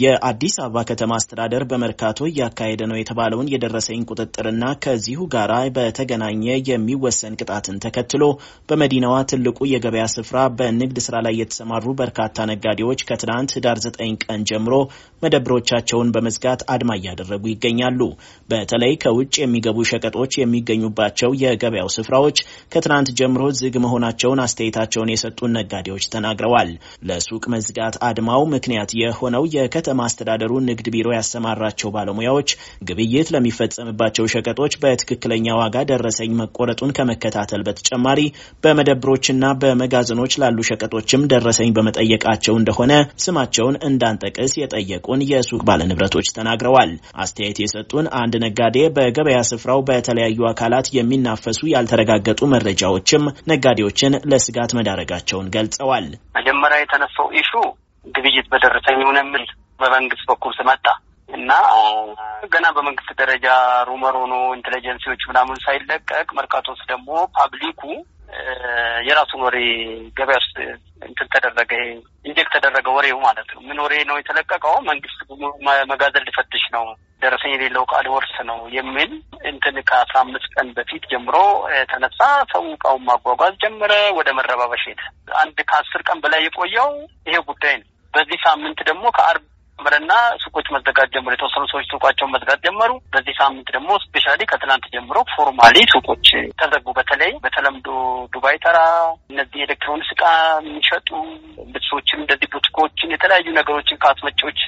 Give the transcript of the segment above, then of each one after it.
የአዲስ አበባ ከተማ አስተዳደር በመርካቶ እያካሄደ ነው የተባለውን የደረሰኝ ቁጥጥርና ከዚሁ ጋር በተገናኘ የሚወሰን ቅጣትን ተከትሎ በመዲናዋ ትልቁ የገበያ ስፍራ በንግድ ስራ ላይ የተሰማሩ በርካታ ነጋዴዎች ከትናንት ህዳር 9 ቀን ጀምሮ መደብሮቻቸውን በመዝጋት አድማ እያደረጉ ይገኛሉ። በተለይ ከውጭ የሚገቡ ሸቀጦች የሚገኙባቸው የገበያው ስፍራዎች ከትናንት ጀምሮ ዝግ መሆናቸውን አስተያየታቸውን የሰጡን ነጋዴዎች ተናግረዋል። ለሱቅ መዝጋት አድማው ምክንያት የሆነው የከተማ አስተዳደሩ ንግድ ቢሮ ያሰማራቸው ባለሙያዎች ግብይት ለሚፈጸምባቸው ሸቀጦች በትክክለኛ ዋጋ ደረሰኝ መቆረጡን ከመከታተል በተጨማሪ በመደብሮችና በመጋዘኖች ላሉ ሸቀጦችም ደረሰኝ በመጠየቃቸው እንደሆነ ስማቸውን እንዳንጠቅስ የጠየቁን የሱቅ ባለንብረቶች ተናግረዋል። አስተያየት የሰጡን አንድ ነጋዴ በገበያ ስፍራው በተለያዩ አካላት የሚናፈሱ ያልተረጋገጡ መረጃዎችም ነጋዴዎችን ለስጋት መዳረጋቸውን ገልጸዋል። መጀመሪያ የተነሳው ኢሹ ግብይት በደረሰኝ ሆነ የሚል በመንግስት በኩል ስመጣ እና ገና በመንግስት ደረጃ ሩመር ሆኖ ኢንቴሊጀንሲዎች ምናምን ሳይለቀቅ መርካቶስ ደግሞ ፓብሊኩ የራሱን ወሬ ገበያ ውስጥ እንትን ተደረገ ኢንጀክት ተደረገ ወሬው ማለት ነው። ምን ወሬ ነው የተለቀቀው? መንግስት መጋዘን ሊፈትሽ ነው፣ ደረሰኝ የሌለው ቃል ወርስ ነው የሚል እንትን ከአስራ አምስት ቀን በፊት ጀምሮ ተነሳ ሰው እቃውን ማጓጓዝ ጀመረ፣ ወደ መረባበሽ ሄደ። አንድ ከአስር ቀን በላይ የቆየው ይሄ ጉዳይ ነው። በዚህ ሳምንት ደግሞ ከአርብ ጨምረና ሱቆች መዘጋት ጀመሩ። የተወሰኑ ሰዎች ሱቋቸውን መዘጋት ጀመሩ። በዚህ ሳምንት ደግሞ ስፔሻሊ ከትናንት ጀምሮ ፎርማሊ ሱቆች ተዘጉ። በተለይ በተለምዶ ዱባይ ተራ እነዚህ የኤሌክትሮኒክስ እቃ የሚሸጡ ልብሶችን፣ እንደዚህ ቡቲኮችን የተለያዩ ነገሮችን ከአስመጪዎች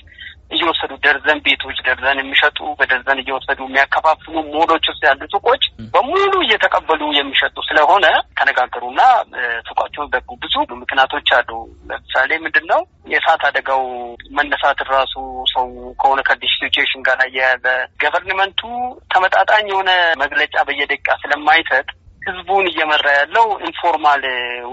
እየወሰዱ ደርዘን ቤቶች ደርዘን የሚሸጡ በደርዘን እየወሰዱ የሚያከፋፍሉ ሞሎች ውስጥ ያሉ ሱቆች በሙሉ እየተቀበሉ የሚሸጡ ስለሆነ ተነጋገሩና ሱቃቸውን ዘጉ። ብዙ ምክንያቶች አሉ። ለምሳሌ ምንድን ነው የእሳት አደጋው መነሳትን ራሱ ሰው ከሆነ ከዲሽ ሲቹዌሽን ጋር እያያዘ ገቨርንመንቱ ተመጣጣኝ የሆነ መግለጫ በየደቂቃ ስለማይሰጥ ህዝቡን እየመራ ያለው ኢንፎርማል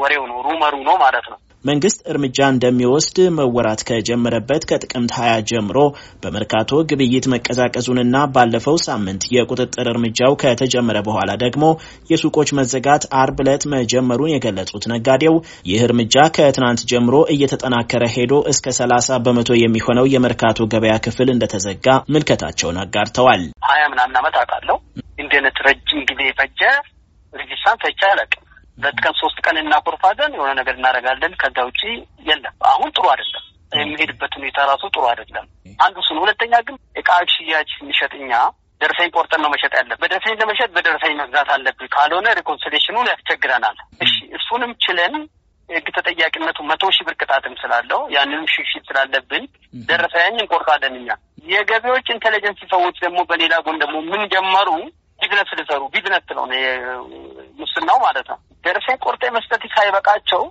ወሬው ነው፣ ሩመሩ ነው ማለት ነው። መንግስት እርምጃ እንደሚወስድ መወራት ከጀመረበት ከጥቅምት ሀያ ጀምሮ በመርካቶ ግብይት መቀዛቀዙንና ባለፈው ሳምንት የቁጥጥር እርምጃው ከተጀመረ በኋላ ደግሞ የሱቆች መዘጋት አርብ ዕለት መጀመሩን የገለጹት ነጋዴው ይህ እርምጃ ከትናንት ጀምሮ እየተጠናከረ ሄዶ እስከ ሰላሳ በመቶ የሚሆነው የመርካቶ ገበያ ክፍል እንደተዘጋ ምልከታቸውን አጋርተዋል። ሀያ ምናምን ዓመት አውቃለሁ እንደነት ረጅም ጊዜ ፈጀ ሬዚስታንስ አይቻለቅ ሁለት ቀን ሶስት ቀን እናኮርፋለን፣ የሆነ ነገር እናደርጋለን። ከዛ ውጪ የለም። አሁን ጥሩ አይደለም። የሚሄድበት ሁኔታ ራሱ ጥሩ አይደለም። አንዱ እሱ ነው። ሁለተኛ ግን እቃዎች ሽያጭ የሚሸጥኛ ደረሰኝ ቆርጠን ነው መሸጥ ያለብህ። በደረሰኝ ለመሸጥ በደረሰኝ መግዛት አለብህ። ካልሆነ ሪኮንሲሌሽኑን ያስቸግረናል። እሺ እሱንም ችለን ህግ ተጠያቂነቱ መቶ ሺህ ብር ቅጣትም ስላለው ያንንም ሽሽት ስላለብን ደረሰኝ እንቆርጣለን እኛ። የገቢዎች ኢንቴሊጀንስ ሰዎች ደግሞ በሌላ ጎን ደግሞ ምን ጀመሩ ቢዝነስ ሊሰሩ ቢዝነስ ነው ሙስናው ማለት ነው። ደርሴ ቆርጤ መስጠት ሳይበቃቸው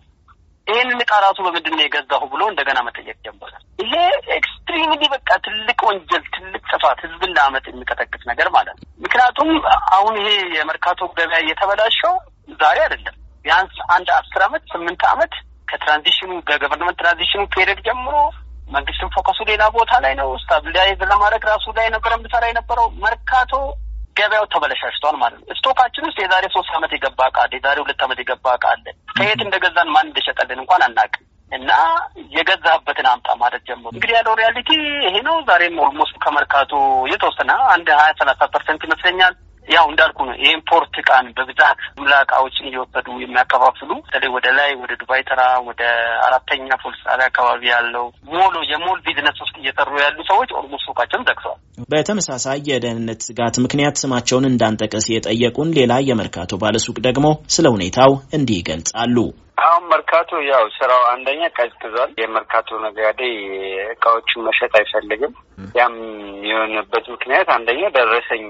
ይህን እቃ ራሱ በምንድን ነው የገዛሁ ብሎ እንደገና መጠየቅ ጀመረ። ይሄ ኤክስትሪምሊ በቃ ትልቅ ወንጀል፣ ትልቅ ጥፋት፣ ህዝብን ለአመት የሚቀጠቅስ ነገር ማለት ነው። ምክንያቱም አሁን ይሄ የመርካቶ ገበያ እየተበላሸው ዛሬ አይደለም። ቢያንስ አንድ አስር አመት ስምንት አመት ከትራንዚሽኑ ከገቨርንመንት ትራንዚሽኑ ፔሪድ ጀምሮ መንግስትም ፎከሱ ሌላ ቦታ ላይ ነው። ስታብላይዝ ለማድረግ ራሱ ላይ ነበረ የምሰራ የነበረው መርካቶ ገበያው ተበለሻሽቷል ማለት ነው። ስቶካችን ውስጥ የዛሬ ሶስት ዓመት የገባ እቃ አለ። የዛሬ ሁለት ዓመት የገባ እቃ አለ። ከየት እንደገዛን ማን እንደሸጠልን እንኳን አናውቅም። እና የገዛህበትን አምጣ ማለት ጀምሩ። እንግዲህ ያለው ሪያሊቲ ይሄ ነው። ዛሬም ኦልሞስት ከመርካቱ የተወሰነ አንድ ሀያ ሰላሳ ፐርሰንት ይመስለኛል ያው እንዳልኩ ነው። የኢምፖርት እቃን በብዛት ጅምላ እቃዎችን እየወሰዱ የሚያከፋፍሉ በተለይ ወደ ላይ ወደ ዱባይ ተራ ወደ አራተኛ ፖሊስ አካባቢ ያለው ሞሎ የሞል ቢዝነስ ውስጥ እየሰሩ ያሉ ሰዎች ኦልሞስ ሱቃቸውን ዘግተዋል። በተመሳሳይ የደህንነት ስጋት ምክንያት ስማቸውን እንዳንጠቀስ የጠየቁን ሌላ የመርካቶ ባለሱቅ ደግሞ ስለ ሁኔታው እንዲህ ይገልጻሉ። አሁን መርካቶ ያው ስራው አንደኛ ቀዝቅዟል። የመርካቶ ነጋዴ እቃዎችን መሸጥ አይፈልግም። ያም የሆነበት ምክንያት አንደኛ ደረሰኝ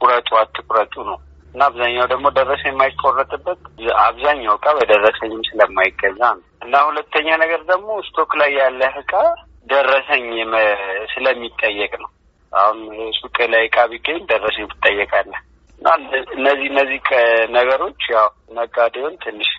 ቁረጡ አትቁረጡ ነው እና አብዛኛው ደግሞ ደረሰኝ የማይቆረጥበት አብዛኛው እቃ በደረሰኝም ስለማይገዛ ነው እና ሁለተኛ ነገር ደግሞ ስቶክ ላይ ያለ እቃ ደረሰኝ ስለሚጠየቅ ነው። አሁን ሱቅ ላይ እቃ ቢገኝ ደረሰኝ ትጠየቃለህ እና እነዚህ እነዚህ ነገሮች ያው ነጋዴውን ትንሽ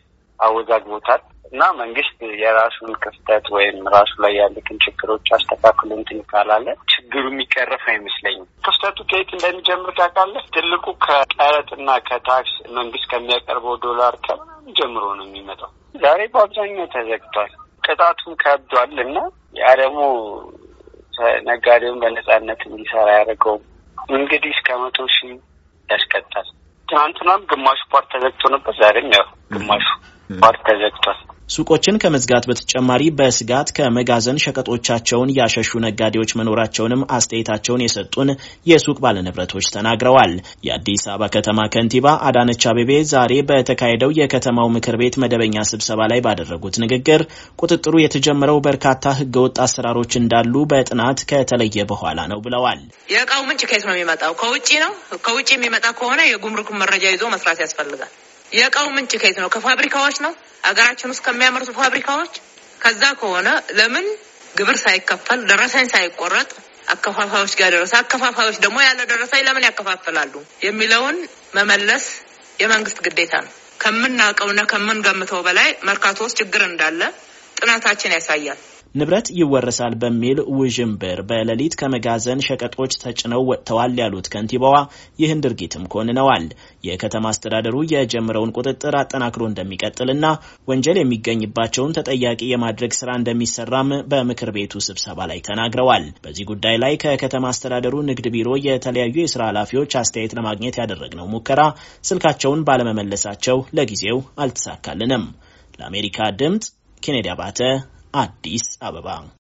አወዛግቦታል እና መንግስት የራሱን ክፍተት ወይም ራሱ ላይ ያሉትን ችግሮች አስተካክሎ እንትን ካላለ ችግሩ የሚቀረፍ አይመስለኝም። ክፍተቱ ከየት እንደሚጀምር ታውቃለህ? ትልቁ ከቀረጥና ከታክስ መንግስት ከሚያቀርበው ዶላር ከምናምን ጀምሮ ነው የሚመጣው። ዛሬ በአብዛኛው ተዘግቷል፣ ቅጣቱም ከብዷል እና ያ ደግሞ ነጋዴውን በነጻነት እንዲሰራ ያደርገውም እንግዲህ እስከ መቶ ሺህ ያስቀጣል። ትናንትናም ግማሹ ፓርት ተዘግቶ ነበር፣ ዛሬም ያው ግማሹ ተዘግቷል። ሱቆችን ከመዝጋት በተጨማሪ በስጋት ከመጋዘን ሸቀጦቻቸውን ያሸሹ ነጋዴዎች መኖራቸውንም አስተያየታቸውን የሰጡን የሱቅ ባለንብረቶች ተናግረዋል። የአዲስ አበባ ከተማ ከንቲባ አዳነች አቤቤ ዛሬ በተካሄደው የከተማው ምክር ቤት መደበኛ ስብሰባ ላይ ባደረጉት ንግግር ቁጥጥሩ የተጀመረው በርካታ ህገወጥ አሰራሮች እንዳሉ በጥናት ከተለየ በኋላ ነው ብለዋል። የእቃው ምንጭ ከየት ነው የሚመጣው? ከውጭ ነው። ከውጭ የሚመጣ ከሆነ የጉምሩክ መረጃ ይዞ መስራት ያስፈልጋል። የእቃው ምንጭ ከየት ነው? ከፋብሪካዎች ነው፣ ሀገራችን ውስጥ ከሚያመርቱ ፋብሪካዎች። ከዛ ከሆነ ለምን ግብር ሳይከፈል ደረሰኝ ሳይቆረጥ አከፋፋዮች ጋር ደረሰ። አከፋፋዮች ደግሞ ያለ ደረሰኝ ለምን ያከፋፍላሉ የሚለውን መመለስ የመንግስት ግዴታ ነው። ከምናውቀውና ከምንገምተው በላይ መርካቶ ውስጥ ችግር እንዳለ ጥናታችን ያሳያል። ንብረት ይወረሳል በሚል ውዥንብር በሌሊት ከመጋዘን ሸቀጦች ተጭነው ወጥተዋል ያሉት ከንቲባዋ ይህን ድርጊትም ኮንነዋል። የከተማ አስተዳደሩ የጀመረውን ቁጥጥር አጠናክሮ እንደሚቀጥልና ወንጀል የሚገኝባቸውን ተጠያቂ የማድረግ ስራ እንደሚሰራም በምክር ቤቱ ስብሰባ ላይ ተናግረዋል። በዚህ ጉዳይ ላይ ከከተማ አስተዳደሩ ንግድ ቢሮ የተለያዩ የስራ ኃላፊዎች አስተያየት ለማግኘት ያደረግነው ሙከራ ስልካቸውን ባለመመለሳቸው ለጊዜው አልተሳካልንም። ለአሜሪካ ድምፅ ኬኔዲ አባተ አዲስ አበባ